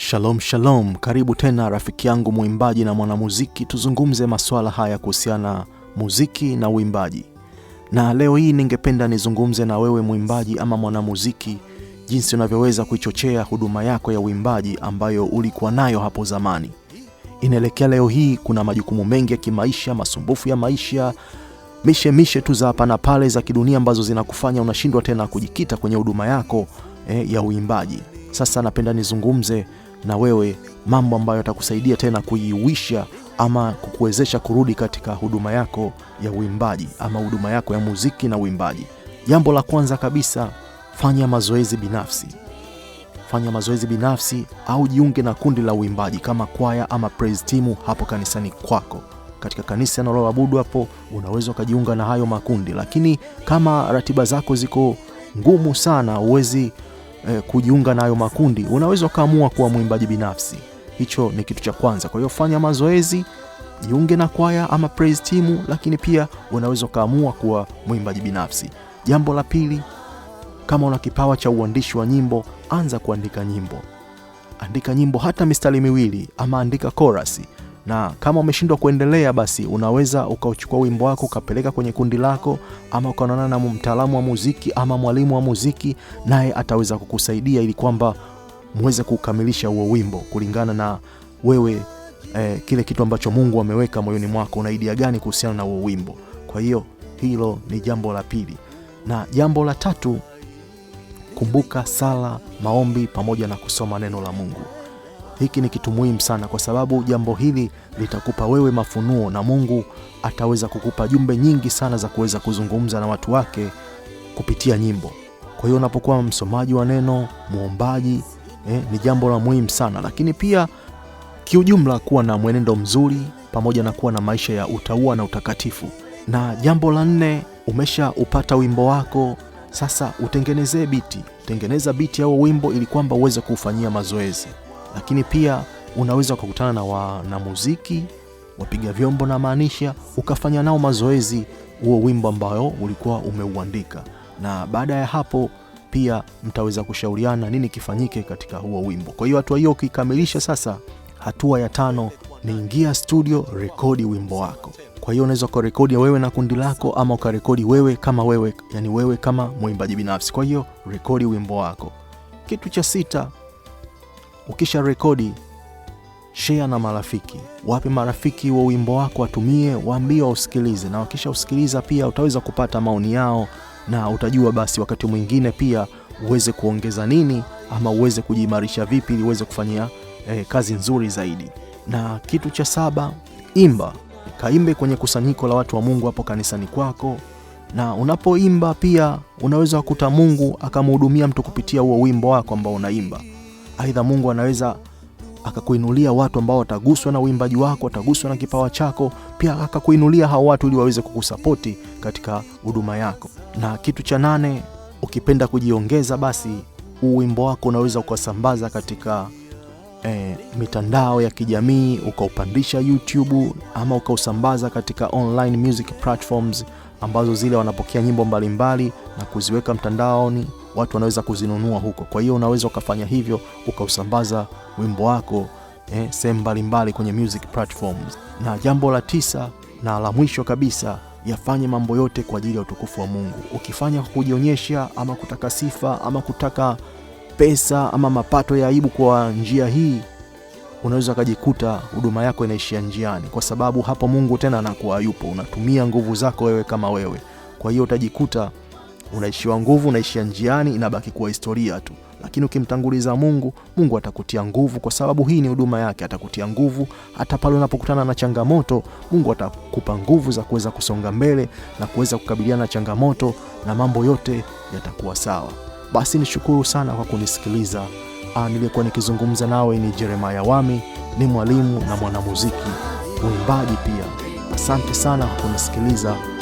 Shalom shalom, karibu tena rafiki yangu mwimbaji na mwanamuziki, tuzungumze masuala haya kuhusiana muziki na uimbaji. Na leo hii ningependa nizungumze na wewe mwimbaji ama mwanamuziki, jinsi unavyoweza kuichochea huduma yako ya uimbaji ambayo ulikuwa nayo hapo zamani. Inaelekea leo hii kuna majukumu mengi ya kimaisha, masumbufu ya maisha, mishe mishe tu za hapa na pale za kidunia ambazo zinakufanya unashindwa tena kujikita kwenye huduma yako eh, ya uimbaji. Sasa napenda nizungumze na wewe mambo ambayo yatakusaidia tena kuiwisha ama kukuwezesha kurudi katika huduma yako ya uimbaji ama huduma yako ya muziki na uimbaji. Jambo la kwanza kabisa, fanya mazoezi binafsi. Fanya mazoezi binafsi au jiunge na kundi la uimbaji kama kwaya ama praise team hapo kanisani kwako. Katika kanisa unaloabudu hapo, unaweza ukajiunga na hayo makundi, lakini kama ratiba zako ziko ngumu sana, huwezi eh, kujiunga nayo na makundi, unaweza ukaamua kuwa mwimbaji binafsi. Hicho ni kitu cha kwanza. Kwa hiyo fanya mazoezi, jiunge na kwaya ama praise team, lakini pia unaweza ukaamua kuwa mwimbaji binafsi. Jambo la pili, kama una kipawa cha uandishi wa nyimbo, anza kuandika nyimbo. Andika nyimbo hata mistari miwili ama andika korasi na kama umeshindwa kuendelea, basi unaweza ukauchukua wimbo wako ukapeleka kwenye kundi lako, ama ukaonana na mtaalamu wa muziki ama mwalimu wa muziki, naye ataweza kukusaidia ili kwamba muweze kukamilisha huo wimbo kulingana na wewe eh, kile kitu ambacho Mungu ameweka moyoni mwako, una idea gani kuhusiana na huo wimbo. Kwa hiyo hilo ni jambo la pili, na jambo la tatu, kumbuka sala, maombi pamoja na kusoma neno la Mungu. Hiki ni kitu muhimu sana, kwa sababu jambo hili litakupa wewe mafunuo na Mungu ataweza kukupa jumbe nyingi sana za kuweza kuzungumza na watu wake kupitia nyimbo. Kwa hiyo unapokuwa msomaji wa neno, mwombaji, eh, ni jambo la muhimu sana, lakini pia kiujumla kuwa na mwenendo mzuri pamoja na kuwa na maisha ya utaua na utakatifu. Na jambo la nne, umesha upata wimbo wako, sasa utengenezee biti. Tengeneza biti au wimbo ili kwamba uweze kuufanyia mazoezi lakini pia unaweza ukakutana na wanamuziki wapiga vyombo na maanisha, ukafanya nao mazoezi huo wimbo ambao ulikuwa umeuandika, na baada ya hapo pia mtaweza kushauriana nini kifanyike katika huo wimbo. Kwa hiyo hatua hiyo ukikamilisha, sasa hatua ya tano ni ingia studio, rekodi wimbo wako. Kwa hiyo unaweza ukarekodi wewe na kundi lako, ama ukarekodi wewe kama wewe, yani wewe kama mwimbaji binafsi. Kwa hiyo rekodi wimbo wako. Kitu cha sita Ukisha rekodi share na marafiki, wape marafiki wa wimbo wako watumie, waambie wausikilize, na wakisha usikiliza pia utaweza kupata maoni yao, na utajua basi wakati mwingine pia uweze kuongeza nini ama uweze kujiimarisha vipi ili uweze kufanyia eh, kazi nzuri zaidi. Na kitu cha saba, imba, kaimbe kwenye kusanyiko la watu wa Mungu hapo kanisani kwako, na unapoimba pia unaweza kukuta Mungu akamhudumia mtu kupitia huo wimbo wako ambao unaimba. Aidha, Mungu anaweza akakuinulia watu ambao wataguswa na uimbaji wako, wataguswa na kipawa chako, pia akakuinulia hao watu ili waweze kukusapoti katika huduma yako. Na kitu cha nane, ukipenda kujiongeza, basi huu wimbo wako unaweza ukasambaza katika E, mitandao ya kijamii ukaupandisha YouTube ama ukausambaza katika online music platforms ambazo zile wanapokea nyimbo mbalimbali na kuziweka mtandaoni watu wanaweza kuzinunua huko. Kwa hiyo unaweza ukafanya hivyo ukausambaza wimbo wako eh, sehemu mbalimbali kwenye music platforms. Na jambo la tisa na la mwisho kabisa, yafanye mambo yote kwa ajili ya utukufu wa Mungu. Ukifanya kujionyesha ama kutaka sifa ama kutaka pesa ama mapato ya aibu kwa njia hii, unaweza ukajikuta huduma yako inaishia njiani, kwa sababu hapo Mungu tena anakuwa yupo unatumia nguvu zako wewe kama wewe. Kwa hiyo utajikuta Unaishiwa nguvu, unaishia njiani, inabaki kuwa historia tu. Lakini ukimtanguliza Mungu, Mungu atakutia nguvu, kwa sababu hii ni huduma yake. Atakutia nguvu hata pale unapokutana na changamoto. Mungu atakupa nguvu za kuweza kusonga mbele na kuweza kukabiliana na changamoto, na mambo yote yatakuwa sawa. Basi nishukuru sana kwa kunisikiliza. Ah, niliyekuwa nikizungumza nawe ni Jeremiah Wami, ni mwalimu na mwanamuziki, mwimbaji pia. Asante sana kwa kunisikiliza.